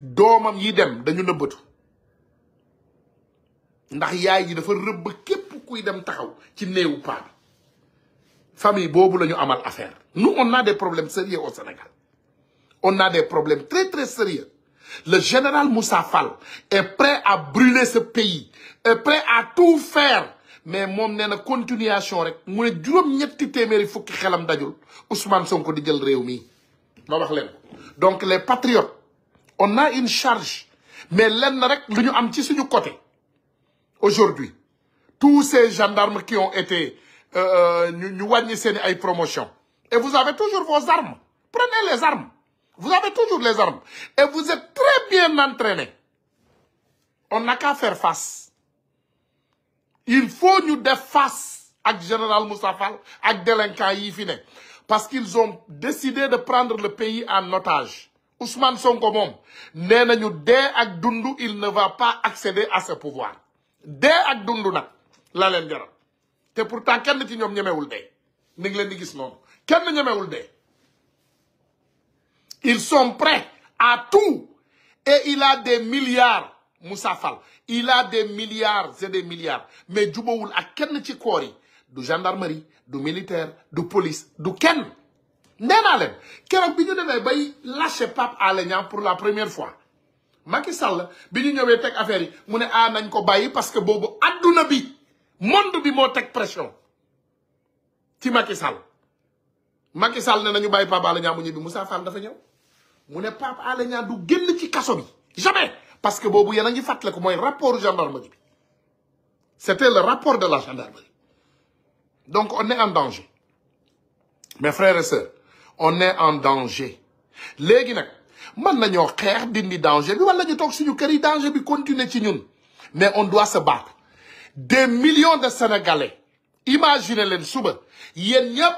doomam yi dem dañu nëbbatu ndax yaay ji dafa rëbb képp kuy dem taxaw ci néewu paa bi famille boobu la ñu amal affaire nous on a des problèmes sérieux au Sénégal on a des problèmes très très sérieux le général Moussa fal est prêt à brûler ce pays est prêt à tout faire mais moom nee na continuation rek mu ne juróom-ñetti téeméeri fukki xelam dajul Ousmane Sonko di jël réew mi ma wax leen donc les patriotes on a une charge mais lenn rek lu ñu am ci suñu côté aujourd'hui tous ces gendarmes qui ont été euh, euh, ñu ñu wàññi seeni ay promotion et vous avez toujours vos armes prenez les armes vous avez toujours les armes et vous êtes très bien entraînés on n'a qu'à faire face il faut ñu def face ak général Moussa Fall ak délinquants yi fi ne parce qu'ils ont décidé de prendre le pays en otage Ousmane Sonko moom nee nañu dee ak dund il ne va pas accéder à ce pouvoir dee ak dund na la leen jaral te pourtant kenn ci ñoom ñemewul dee ni ngi leen di gis noonu kenn ñemewul dee ils sont prêts à tout et il a des milliards Moussa Fall il a des milliards et des milliards mais jubawul ak kenn ci koor yi du gendarmerie du militaire du police du kenn nee naa leen keroog bi ñu demee bay lâché Pape Alé Niang pour la première fois Macky Sall bi ñu ñëwee teg affaire yi mu ne ah nañ ko bàyyi parce que boobu adduna bi monde bi moo teg pression ci Macky Sall Macky Sall ne nañu bàyyi Pape Alé Niang mu ñibbi Moussa Fall dafa ñëw mu ne Pape Alé Niang du génn ci kaso bi jamais parce que boobu yéen a ngi fàttale ko mooy rapport gendarmerie bi c'était le rapport de la gendarmerie donc en danger mes frères on est en danger léegi nag mën nañoo xeex dindi danger bi wala ñu toog suñu kër yi danger bi continuer ci ñun mais on doit se battre des millions de sénégalais imaginez leen suba yéen ñëpp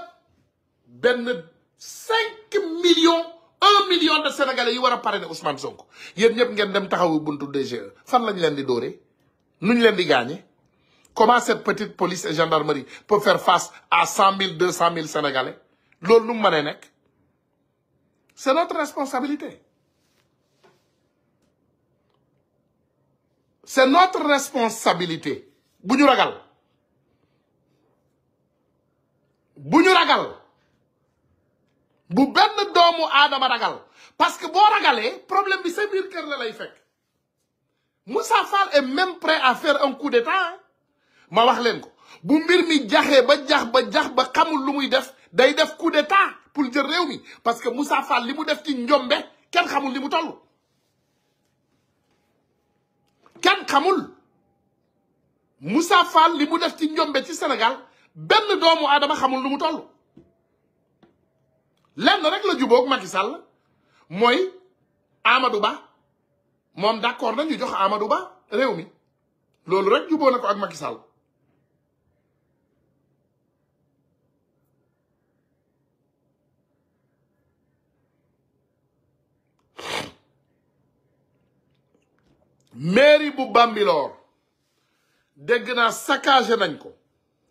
benn cinq millions un million de sénégalais yi war a parrainer Ousmane Sonko yéen ñëpp ngeen dem taxawu buntu DGE fan lañ leen di dóoree nuñ leen di gaañee comment cette petite police et gendarmerie peut faire face à cent mille deux cent mille sénégalais loolu lu mu mënee nekk c'est notre responsabilité c'est notre responsabilité bu ñu ragal bu ñu ragal bu benn doomu aadama ragal parce que boo ragalee problème bi sa biir kër la lay fekk Moussa Fall et même prêt à faire un coup d'état ma wax leen ko bu mbir mi jaxee ba jax ba jax ba xamul lu muy def day def coup d'état pour jël réew mi parce que Moussa Fall li mu def ci njombe kenn xamul li mu toll kenn xamul Moussa Fall li mu def ci njombe ci Sénégal benn doomu aadama xamul lu mu toll lenn rek la jubook Macky mooy Amadou Ba moom d'accord nañu jox Amadou Ba réew mi loolu rek juboo na ko ak Macky mairie bu Bambilor dégg naa saccagé nañ ko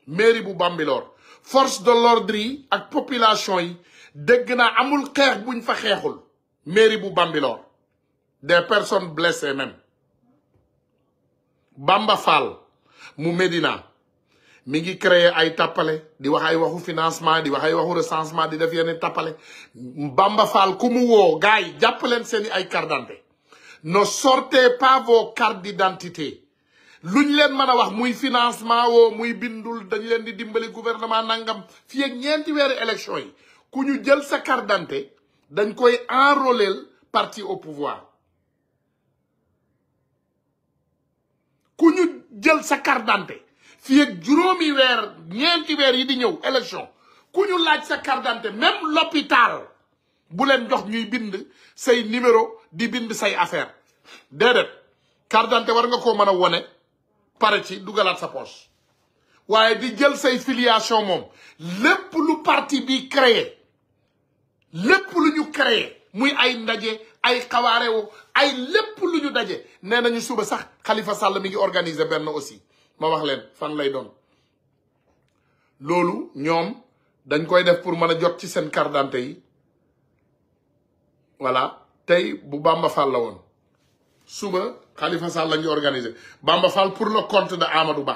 mairie bu Bambilor force de l'ordre yi ak population yi dégg naa amul xeex buñ fa xeexul mairie bu Bambilor de personne blessées même Bamba mu Médina mi ngi créer ay tappale di wax ay waxu financement di wax ay waxu recensement di def yenn tappale Bamba Fall ku mu woo gars yi jàpp leen seeni ay carte ne sorte pas vos cartes d'identité lu leen mën a wax muy financement woo muy bindul dañ leen di dimbali gouvernement nangam fii ak ñeenti weer élection yi ku ñu jël sa carte dañ koy enrôler parti au pouvoir ku ñu jël sa carte d'identité fii juróomi weer ñeenti weer yi di ñëw élection ku ñu laaj sa carte d'identité même bu leen jox ñuy bind say numéro di bind say affaire déedéet carte d'identité war nga koo mën a wone pare ci dugalaat sa poche waaye di jël say filiation moom lépp lu parti bi créé lépp lu ñu créé muy ay ndaje ay xawaarewu ay lépp lu ñu daje nee nañu suba sax Khalifa Sall mi ngi organiser benn aussi ma wax leen fan lay doon loolu ñoom dañ koy def pour mën a jot ci seen carte yi voilà tey bu Bamba Fall la woon suba Khalifa Sall la ñu organisé Bamba pour la compte de Amadou Ba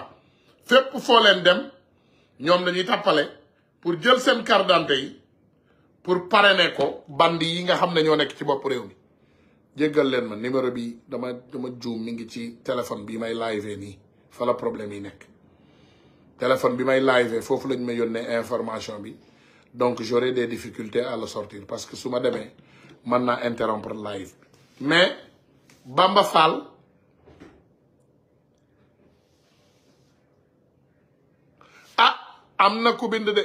fépp foo leen dem ñoom dañuy tàppale pour jël seen carte d'identité yi pour parrainer ko bandi yi nga xam ne ñoo nekk ci bopp réew mi jéggal leen ma numéro bi dama dama juum mi ngi ci téléphone bi may live nii fa problème yi nekk téléphone bi may live foofu lañ ma yónnee information bi donc j'aurai des difficultés à le sortir parce que su ma demee mën naa interrompre live mais Bamba Fall ah am na ku bind de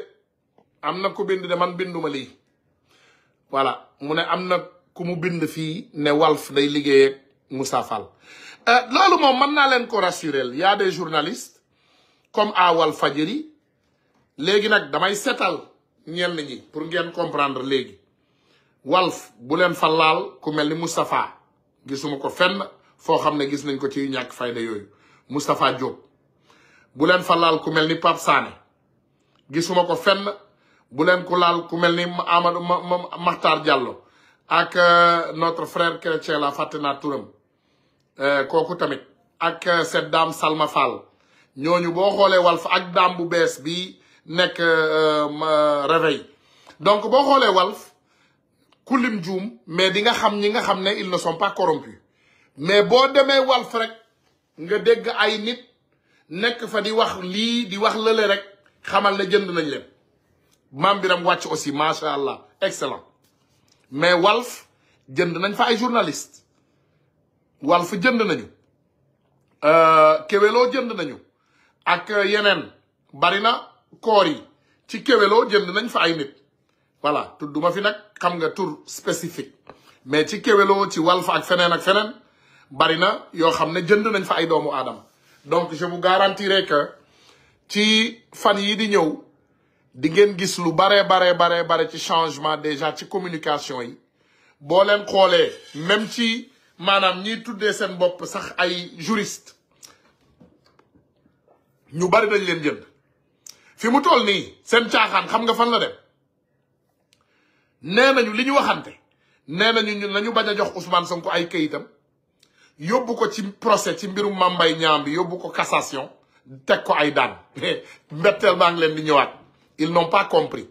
am na ku bind de man binduma lii voilà mu ne am na ku mu bind fii ne Walf day liggéey ak Moussa Fall euh, loolu moom mën naa leen ko rassurer y a des journalistes comme à Walfadjri léegi nag damay seetal ñenn ñi pour ngeen comprendre léegi walf bu leen fa laal ku mel ni Moustapha gisuma ko fenn foo xam ne gis nañ ko ci ñàkk fayda yooyu Moustapha Diop buleen leen fa laal ku mel ni Pape Sané gisuma ko fenn bu leen ku laal ku mel ni Amadou Makhtar Diallo ak euh, notre frère chrétien la fàtte naa turam euh, kooku tamit ak euh, cette dame Salma Fall ñooñu boo xoolee walf ak dame bu bees bi nekk réveil donc boo xoolee walf ku lim juum mais di nga xam ñi nga xam ne ils ne sont pas corrompus mais boo demee Walf rek nga dégg ay nit nekk fa di wax lii di wax lële rek xamal ne jënd nañ le maam biram wàcc aussi macha allah excellent mais Walf jënd nañ fa ay journaliste Walf jënd nañu euh, Keweloo jënd nañu ak yeneen bari na koor yi ci Keweloo jënd nañ fa ay nit voilà tudduma fi nag xam nga tour spécifique mais ci Kéwélo ci Walf ak feneen ak feneen bari na yoo xam ne jënd nañ fa ay doomu aadama donc je vous garantirai que ci fan yii di ñëw di ngeen gis lu baree baree baree bare ci changement déjà ci communication yi boo leen xoolee même ci maanaam ñiy tuddee seen bopp sax ay juriste ñu bari dañ leen jënd fi mu toll nii seen caaxaan xam nga fan la dem nee nañu li ñu waxante nee nañu ñun nañu bañ a jox Ousmane Sonko ay këyitam yóbbu ko ci procès ci mbirum mambay ñaam bi yóbbu ko cassation teg ko ay daan mbetteel maa ngi leen di ñëwaat ils n'ont pas compris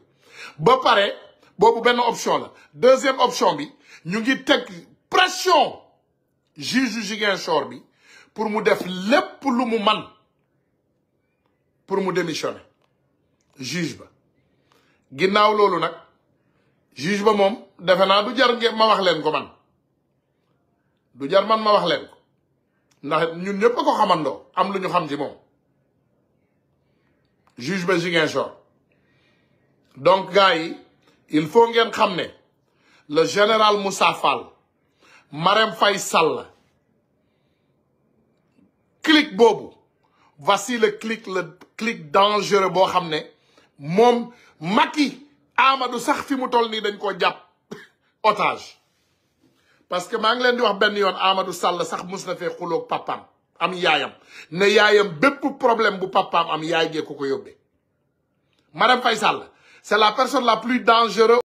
ba pare boobu benn option la deuxième option bi ñu ngi teg pression juge Ziguinchor bi pour mu def lépp lu mu man pour mu démissionner juge ba ginnaaw loolu nag juge ba moom defe naa du jar ngeen ma wax leen ko man du jar man ma wax leen ko ndax ñun ñëpp a ko xamandoo am lu ñu xam ci moom juge ba Ziguinchor donc gars yi il faut ngeen xam ne le général Moussa Fall Marème Faye Sall clique boobu voici le clique le clique dangereux boo xam ne moom Macky Amadou sax fi mu toll nii dañ koo jàpp otage parce que maa ngi leen di wax benn yoon Amadou Sall sax mus na fee xuloog papaam am yaayam ne yaayam bépp problème bu papaam am yaay gee ko ko yóbbee Marème Faye Sall c'est la personne la plus dangereuse